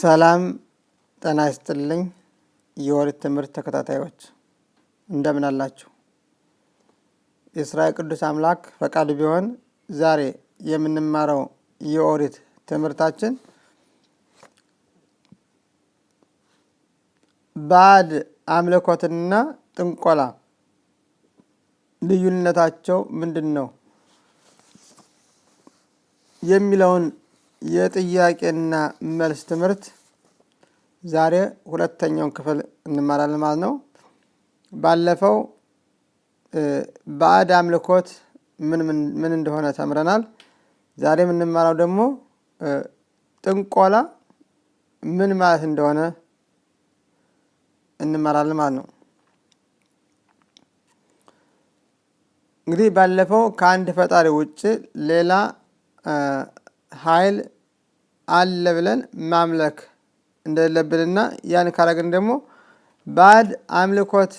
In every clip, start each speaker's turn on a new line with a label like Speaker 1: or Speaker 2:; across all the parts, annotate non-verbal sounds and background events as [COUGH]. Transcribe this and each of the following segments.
Speaker 1: ሰላም ጤና ይስጥልኝ። የወሪት ትምህርት ተከታታዮች እንደምን አላችሁ? የእስራኤል ቅዱስ አምላክ ፈቃድ ቢሆን ዛሬ የምንማረው የኦሪት ትምህርታችን ባዕድ አምልኮትና ጥንቆላ ልዩነታቸው ምንድን ነው የሚለውን የጥያቄና መልስ ትምህርት ዛሬ ሁለተኛውን ክፍል እንማራለን ማለት ነው። ባለፈው ባዕድ አምልኮት ምን እንደሆነ ተምረናል። ዛሬ የምንማራው ደግሞ ጥንቆላ ምን ማለት እንደሆነ እንማራለን ማለት ነው። እንግዲህ ባለፈው ከአንድ ፈጣሪ ውጭ ሌላ ኃይል አለ ብለን ማምለክ እንደሌለብንና ያን ካረግን ደግሞ ባዕድ አምልኮት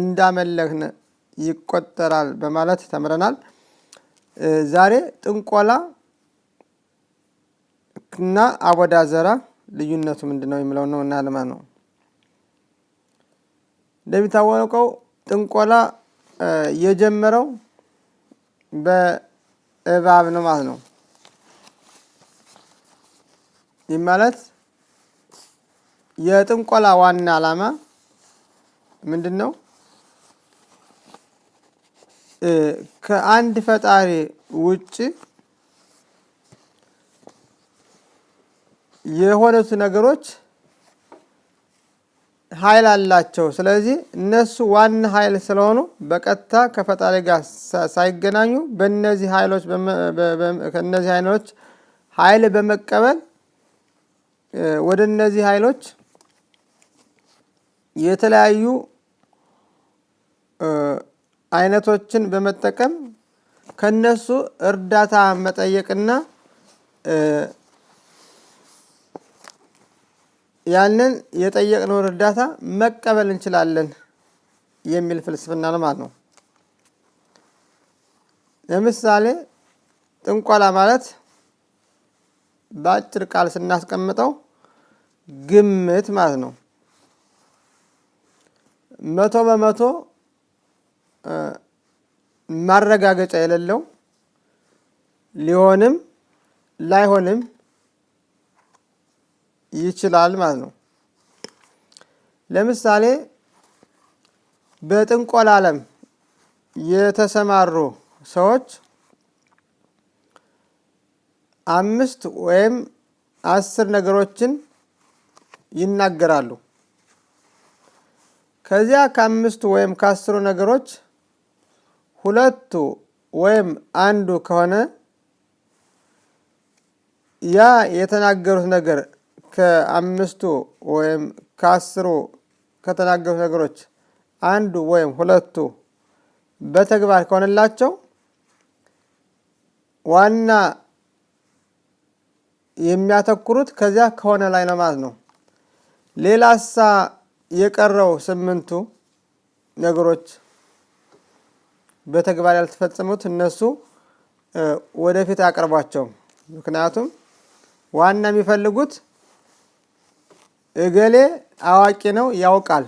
Speaker 1: እንዳመለክን ይቆጠራል በማለት ተምረናል። ዛሬ ጥንቆላ እና አወዳዘራ ልዩነቱ ምንድን ነው የሚለው ነው እና ልማ ነው። እንደሚታወቀው ጥንቆላ የጀመረው በእባብ ነው ማለት ነው። ይህ ማለት የጥንቆላ ዋና ዓላማ ምንድን ነው? ከአንድ ፈጣሪ ውጭ የሆኑት ነገሮች ኃይል አላቸው። ስለዚህ እነሱ ዋና ኃይል ስለሆኑ በቀጥታ ከፈጣሪ ጋር ሳይገናኙ በእነዚህ ኃይሎች ከእነዚህ ኃይሎች ኃይል በመቀበል ወደ እነዚህ ኃይሎች የተለያዩ አይነቶችን በመጠቀም ከነሱ እርዳታ መጠየቅና ያንን የጠየቅነውን እርዳታ መቀበል እንችላለን የሚል ፍልስፍና ልማት ነው። ለምሳሌ ጥንቆላ ማለት በአጭር ቃል ስናስቀምጠው ግምት ማለት ነው። መቶ በመቶ ማረጋገጫ የሌለው ሊሆንም ላይሆንም ይችላል ማለት ነው። ለምሳሌ በጥንቆላ ዓለም የተሰማሩ ሰዎች አምስት ወይም አስር ነገሮችን ይናገራሉ። ከዚያ ከአምስቱ ወይም ከአስሩ ነገሮች ሁለቱ ወይም አንዱ ከሆነ ያ የተናገሩት ነገር ከአምስቱ ወይም ከአስሩ ከተናገሩት ነገሮች አንዱ ወይም ሁለቱ በተግባር ከሆነላቸው ዋና የሚያተኩሩት ከዚያ ከሆነ ላይ ነው ማለት ነው። ሌላሳ የቀረው ስምንቱ ነገሮች በተግባር ያልተፈጸሙት እነሱ ወደፊት አቅርቧቸው። ምክንያቱም ዋና የሚፈልጉት እገሌ አዋቂ ነው ያውቃል፣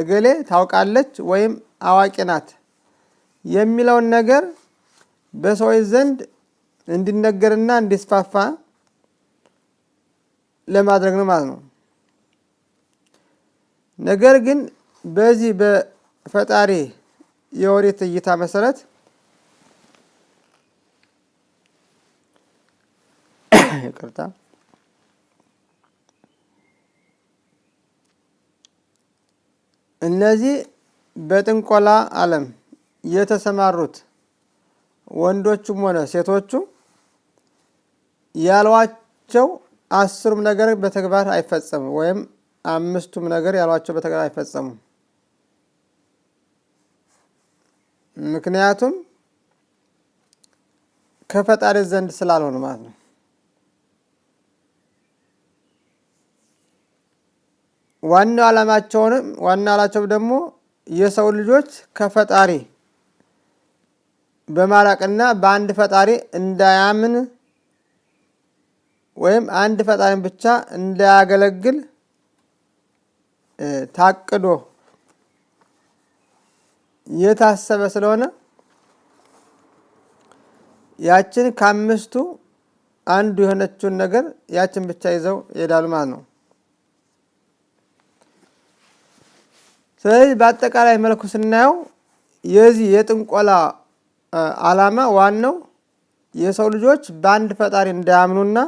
Speaker 1: እገሌ ታውቃለች ወይም አዋቂ ናት የሚለውን ነገር በሰዎች ዘንድ እንዲነገርና እንዲስፋፋ ለማድረግ ነው ማለት ነው። ነገር ግን በዚህ በፈጣሪ የወሪት እይታ መሰረት [COUGHS] ይቅርታ እነዚህ በጥንቆላ ዓለም የተሰማሩት ወንዶቹም ሆነ ሴቶቹ ያሏቸው አስሩም ነገር በተግባር አይፈጸምም ወይም አምስቱም ነገር ያሏቸው በተግባር አይፈጸሙም። ምክንያቱም ከፈጣሪ ዘንድ ስላልሆኑ ማለት ነው። ዋናው ዓላማቸውንም ዋና አላቸው ደግሞ የሰው ልጆች ከፈጣሪ በማራቅና በአንድ ፈጣሪ እንዳያምን ወይም አንድ ፈጣሪን ብቻ እንዳያገለግል ታቅዶ የታሰበ ስለሆነ ያችን ከአምስቱ አንዱ የሆነችውን ነገር ያችን ብቻ ይዘው ይሄዳሉ ማለት ነው። ስለዚህ በአጠቃላይ መልኩ ስናየው የዚህ የጥንቆላ ዓላማ ዋናው የሰው ልጆች በአንድ ፈጣሪ እንዳያምኑና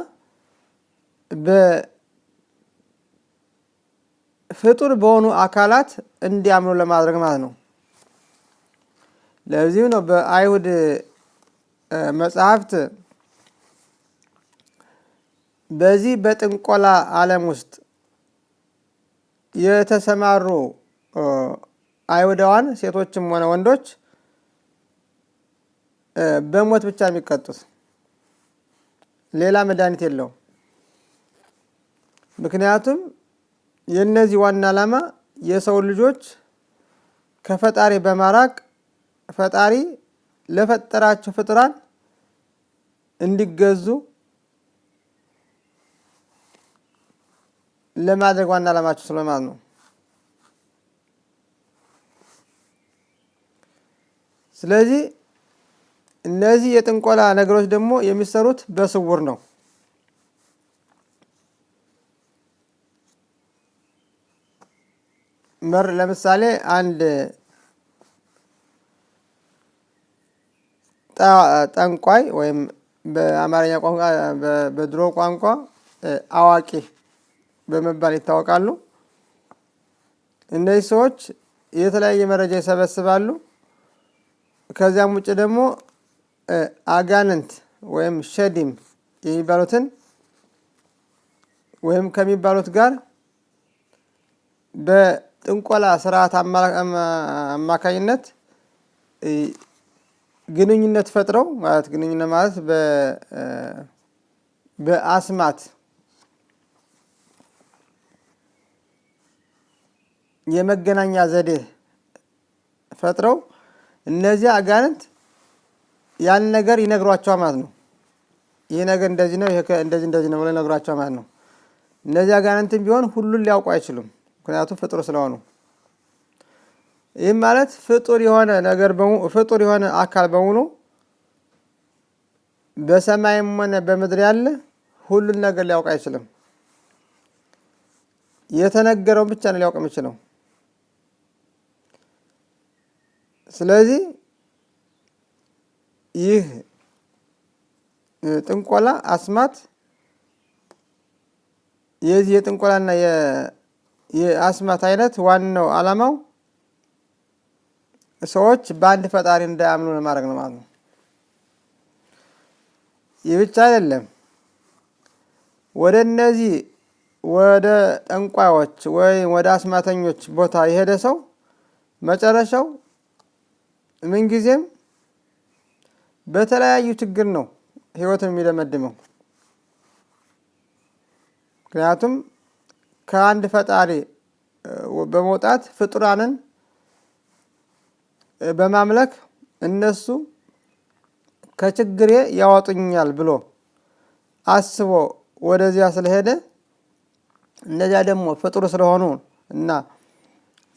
Speaker 1: ፍጡር በሆኑ አካላት እንዲያምኑ ለማድረግ ማለት ነው። ለዚሁ ነው በአይሁድ መጽሐፍት በዚህ በጥንቆላ ዓለም ውስጥ የተሰማሩ አይሁዳዋን ሴቶችም ሆነ ወንዶች በሞት ብቻ የሚቀጡት ሌላ መድኃኒት የለውም። ምክንያቱም የእነዚህ ዋና ዓላማ የሰው ልጆች ከፈጣሪ በማራቅ ፈጣሪ ለፈጠራቸው ፍጥራን እንዲገዙ ለማድረግ ዋና ዓላማቸው ስለማለት ነው። ስለዚህ እነዚህ የጥንቆላ ነገሮች ደግሞ የሚሰሩት በስውር ነው። መር ለምሳሌ አንድ ጠንቋይ ወይም በአማርኛ ቋንቋ በድሮ ቋንቋ አዋቂ በመባል ይታወቃሉ። እነዚህ ሰዎች የተለያየ መረጃ ይሰበስባሉ። ከዚያም ውጭ ደግሞ አጋንንት ወይም ሸዲም የሚባሉትን ወይም ከሚባሉት ጋር ጥንቆላ ስርዓት አማካኝነት ግንኙነት ፈጥረው ማለት ግንኙነት ማለት በአስማት የመገናኛ ዘዴ ፈጥረው እነዚህ አጋንንት ያን ነገር ይነግሯቸዋ ማለት ነው። ይህ ነገር እንደዚህ ነው፣ ይሄ እንደዚህ እንደዚህ ነው ብሎ ይነግሯቸዋል ማለት ነው። እነዚህ አጋንንትም ቢሆን ሁሉን ሊያውቁ አይችሉም። ምክንያቱም ፍጡር ስለሆኑ። ይህም ማለት ፍጡር የሆነ ነገር ፍጡር የሆነ አካል በሙሉ በሰማይም ሆነ በምድር ያለ ሁሉን ነገር ሊያውቅ አይችልም። የተነገረውን ብቻ ነው ሊያውቅ የሚችለው። ስለዚህ ይህ ጥንቆላ አስማት የዚህ የጥንቆላና የአስማት አይነት ዋናው አላማው ሰዎች በአንድ ፈጣሪ እንዳያምኑ ለማድረግ ነው ማለት ነው። ይህ ብቻ አይደለም። ወደ እነዚህ ወደ ጠንቋዮች ወይም ወደ አስማተኞች ቦታ የሄደ ሰው መጨረሻው ምንጊዜም በተለያዩ ችግር ነው ህይወትን የሚደመድመው ምክንያቱም ከአንድ ፈጣሪ በመውጣት ፍጡራንን በማምለክ እነሱ ከችግሬ ያወጡኛል ብሎ አስቦ ወደዚያ ስለሄደ እነዚያ ደግሞ ፍጡር ስለሆኑ እና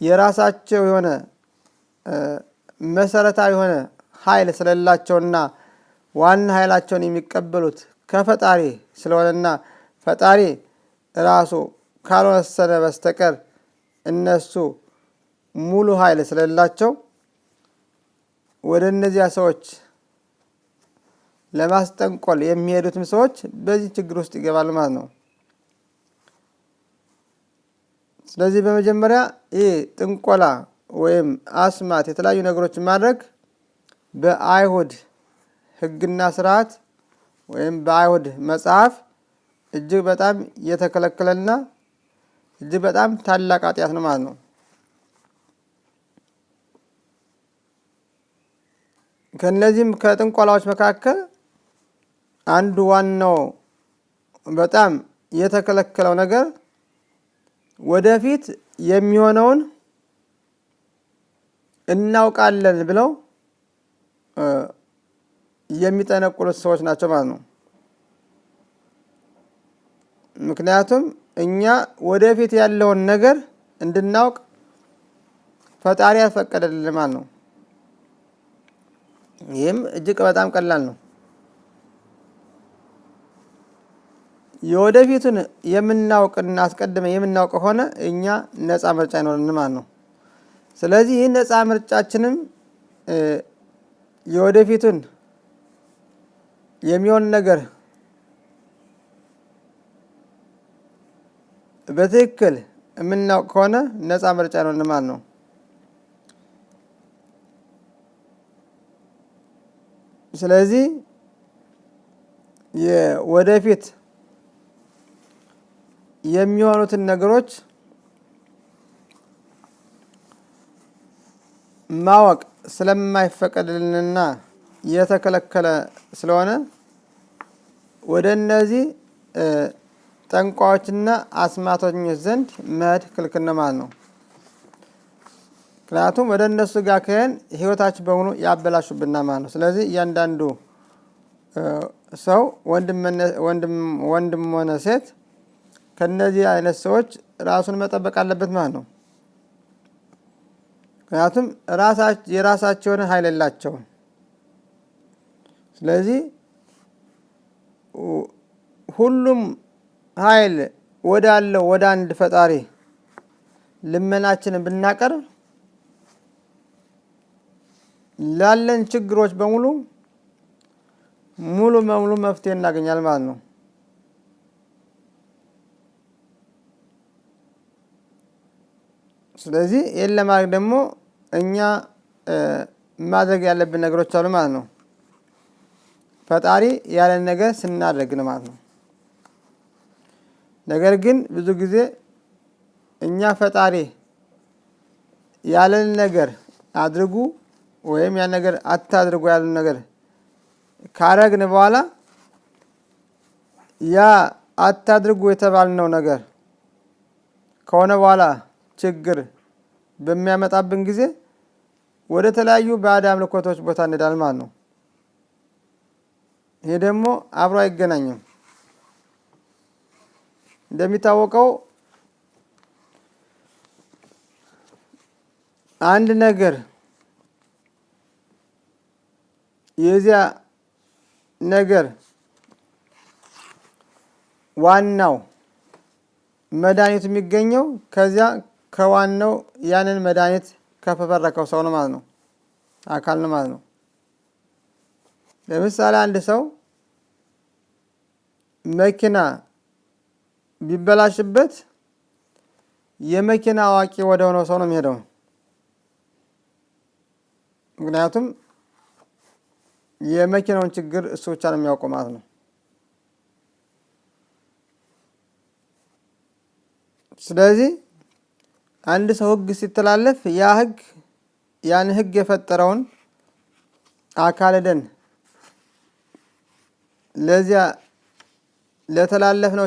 Speaker 1: የራሳቸው የሆነ መሰረታዊ የሆነ ኃይል ስለሌላቸውና ዋና ኃይላቸውን የሚቀበሉት ከፈጣሪ ስለሆነና ፈጣሪ ራሱ ካልወሰነ በስተቀር እነሱ ሙሉ ኃይል ስለሌላቸው ወደ እነዚያ ሰዎች ለማስጠንቆል የሚሄዱትም ሰዎች በዚህ ችግር ውስጥ ይገባሉ ማለት ነው። ስለዚህ በመጀመሪያ ይህ ጥንቆላ ወይም አስማት የተለያዩ ነገሮችን ማድረግ በአይሁድ ሕግና ስርዓት ወይም በአይሁድ መጽሐፍ እጅግ በጣም የተከለከለና እጅግ በጣም ታላቅ ኃጢአት ነው ማለት ነው። ከእነዚህም ከጥንቆላዎች መካከል አንዱ ዋናው በጣም የተከለከለው ነገር ወደፊት የሚሆነውን እናውቃለን ብለው የሚጠነቁሉት ሰዎች ናቸው ማለት ነው። ምክንያቱም እኛ ወደፊት ያለውን ነገር እንድናውቅ ፈጣሪ ያልፈቀደልን ማለት ነው። ይህም እጅግ በጣም ቀላል ነው። የወደፊቱን የምናውቅና አስቀድመ የምናውቅ ከሆነ እኛ ነፃ ምርጫ አይኖረን ማለት ነው። ስለዚህ ይህ ነፃ ምርጫችንም የወደፊቱን የሚሆን ነገር በትክክል የምናውቅ ከሆነ ነፃ ምርጫ ነው ማለት ነው። ስለዚህ ወደፊት የሚሆኑትን ነገሮች ማወቅ ስለማይፈቀድልንና የተከለከለ ስለሆነ ወደ እነዚህ ጠንቋዎችና አስማተኞች ዘንድ መድ ክልክል ነው ማለት ነው። ምክንያቱም ወደ እነሱ ጋር ከሄን ህይወታችን በሙሉ ያበላሹብና ማለት ነው። ስለዚህ እያንዳንዱ ሰው ወንድም ሆነ ሴት ከነዚህ አይነት ሰዎች ራሱን መጠበቅ አለበት ማለት ነው። ምክንያቱም የራሳቸውን ኃይል የላቸውም። ስለዚህ ሁሉም ኃይል ወዳለው ወደ አንድ ፈጣሪ ልመናችንን ብናቀርብ ላለን ችግሮች በሙሉ ሙሉ በሙሉ መፍትሄ እናገኛል ማለት ነው። ስለዚህ ይህን ለማድረግ ደግሞ እኛ ማድረግ ያለብን ነገሮች አሉ ማለት ነው። ፈጣሪ ያለን ነገር ስናደርግ ነው ማለት ነው። ነገር ግን ብዙ ጊዜ እኛ ፈጣሪ ያለን ነገር አድርጉ ወይም ያን ነገር አታድርጉ ያለን ነገር ካረግን በኋላ ያ አታድርጉ የተባልነው ነገር ከሆነ በኋላ ችግር በሚያመጣብን ጊዜ ወደ ተለያዩ ባዕድ አምልኮቶች ቦታ እንዳል ማለት ነው። ይሄ ደግሞ አብሮ አይገናኝም። እንደሚታወቀው አንድ ነገር የዚያ ነገር ዋናው መድኃኒቱ የሚገኘው ከዚያ ከዋናው ያንን መድኃኒት ከፈበረከው ሰው ነው ማለት ነው፣ አካል ነው ማለት ነው። ለምሳሌ አንድ ሰው መኪና ቢበላሽበት የመኪና አዋቂ ወደ ሆነው ሰው ነው የሚሄደው። ምክንያቱም የመኪናውን ችግር እሱ ብቻ ነው የሚያውቀው ማለት ነው። ስለዚህ አንድ ሰው ህግ ሲተላለፍ ያ ህግ ያን ህግ የፈጠረውን አካል ደን ለዚያ ለተላለፍነው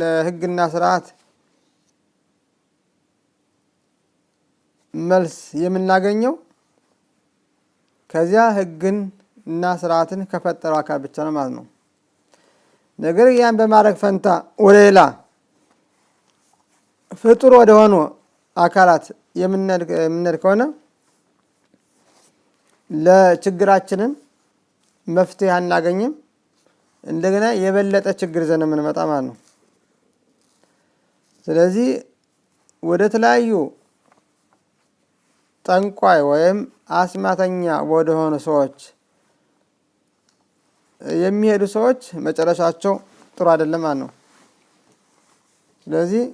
Speaker 1: ለህግና ስርዓት መልስ የምናገኘው ከዚያ ህግን እና ስርዓትን ከፈጠረው አካል ብቻ ነው ማለት ነው። ነገር ያን በማድረግ ፈንታ ወደ ሌላ ፍጡር ወደ ሆኑ አካላት የምንሄድ ከሆነ ለችግራችንም መፍትሄ አናገኝም። እንደገና የበለጠ ችግር ዘን የምንመጣ ማለት ነው። ስለዚህ ወደ ተለያዩ ጠንቋይ ወይም አስማተኛ ወደሆኑ ሰዎች የሚሄዱ ሰዎች መጨረሻቸው ጥሩ አይደለም ማለት ነው። ስለዚህ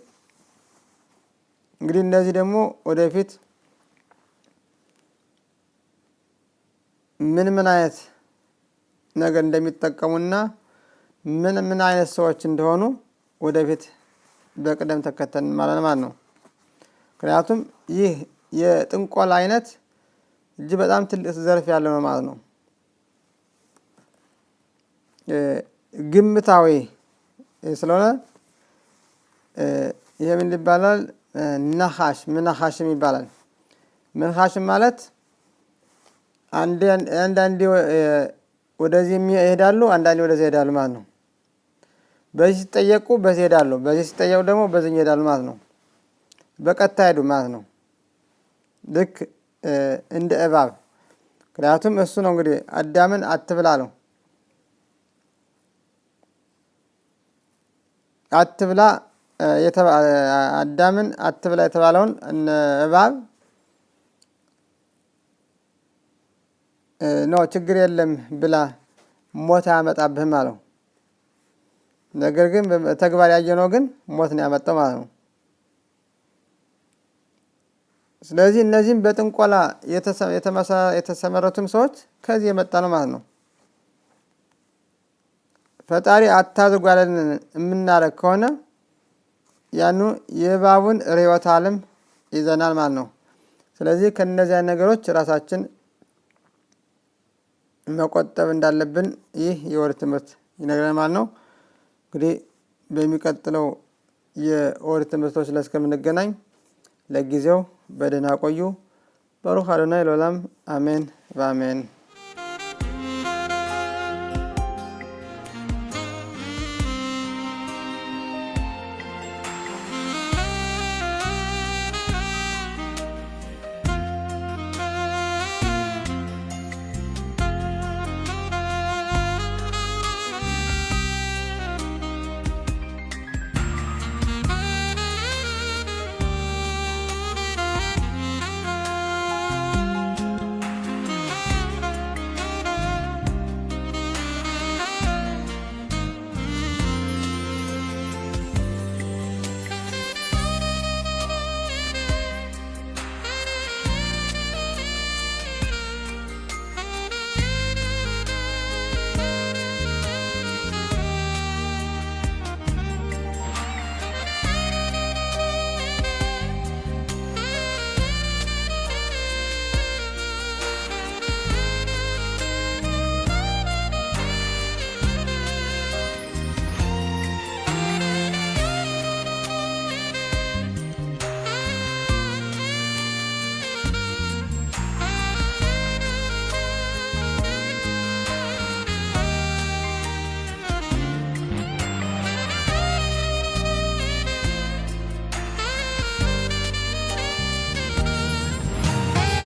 Speaker 1: እንግዲህ እነዚህ ደግሞ ወደፊት ምን ምን አይነት ነገር እንደሚጠቀሙና ምን ምን አይነት ሰዎች እንደሆኑ ወደፊት በቅደም ተከተል ማለት ማለት ነው። ምክንያቱም ይህ የጥንቆል አይነት እጅግ በጣም ትልቅ ዘርፍ ያለው ነው ማለት ነው። ግምታዊ ስለሆነ ይሄ ምን ይባላል? ነኻሽ ምነኻሽም ይባላል። ምንኻሽም ማለት አንዳንድ ወደዚህ ይሄዳሉ፣ አንዳንዴ ወደዚህ ይሄዳሉ ማለት ነው። በዚህ ሲጠየቁ በዚህ ይሄዳሉ፣ በዚህ ሲጠየቁ ደግሞ በዚህ ይሄዳሉ ማለት ነው። በቀጥታ ሄዱ ማለት ነው። ልክ እንደ እባብ ምክንያቱም እሱ ነው እንግዲህ አዳምን አትብላ ነው አትብላ አዳምን አትብላ የተባለውን እባብ ኖ ችግር የለም ብላ ሞት አያመጣብህም አለው። ነገር ግን ተግባር ያየነው ግን ሞት ነው ያመጣው ማለት ነው። ስለዚህ እነዚህም በጥንቆላ የተሰመረቱም ሰዎች ከዚህ የመጣ ነው ማለት ነው። ፈጣሪ አታድርጉ ያለን የምናደርግ ከሆነ ያኑ የእባቡን ርዕዮተ ዓለም ይዘናል ማለት ነው። ስለዚህ ከእነዚያ ነገሮች ራሳችን መቆጠብ እንዳለብን ይህ የወር ትምህርት ይነግረን ማለት ነው። እንግዲህ በሚቀጥለው የወር ትምህርቶች ላይ እስከምንገናኝ ለጊዜው በደህና ቆዩ። በሩህ አዶናይ ለዓለም አሜን በአሜን